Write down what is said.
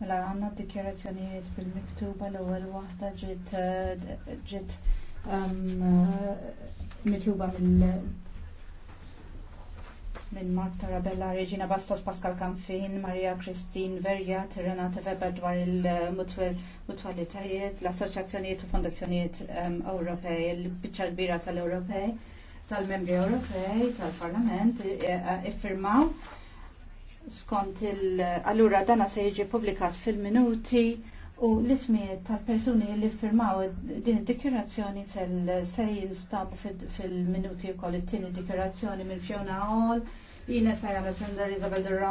Mela għanna dikjarazzjonijiet bil-miktuba l-ewwel waħda ġiet eh, ġiet ehm, eh, mitluba mill minn Marta Rabella, Regina Bastos, Pascal Kamfin, Maria Kristin Verja, Renata Weber dwar il-mutwalitajiet, l-assoċjazzjonijiet u fondazzjonijiet ehm, Ewropej, il-bicċa tal-Ewropej, tal-Ewropej, tal-membri Ewropej, tal-Parlament, eh, iffirmaw skont il- allura dana se jiġi publikat fil-minuti u l-ismijiet tal-persuni li firmaw din id-dikjurazzjoni se jinstabu fil-minuti u koll it-tini dikjurazzjoni minn Fiona Hall, Ines Ayala Sender, Isabel Durant,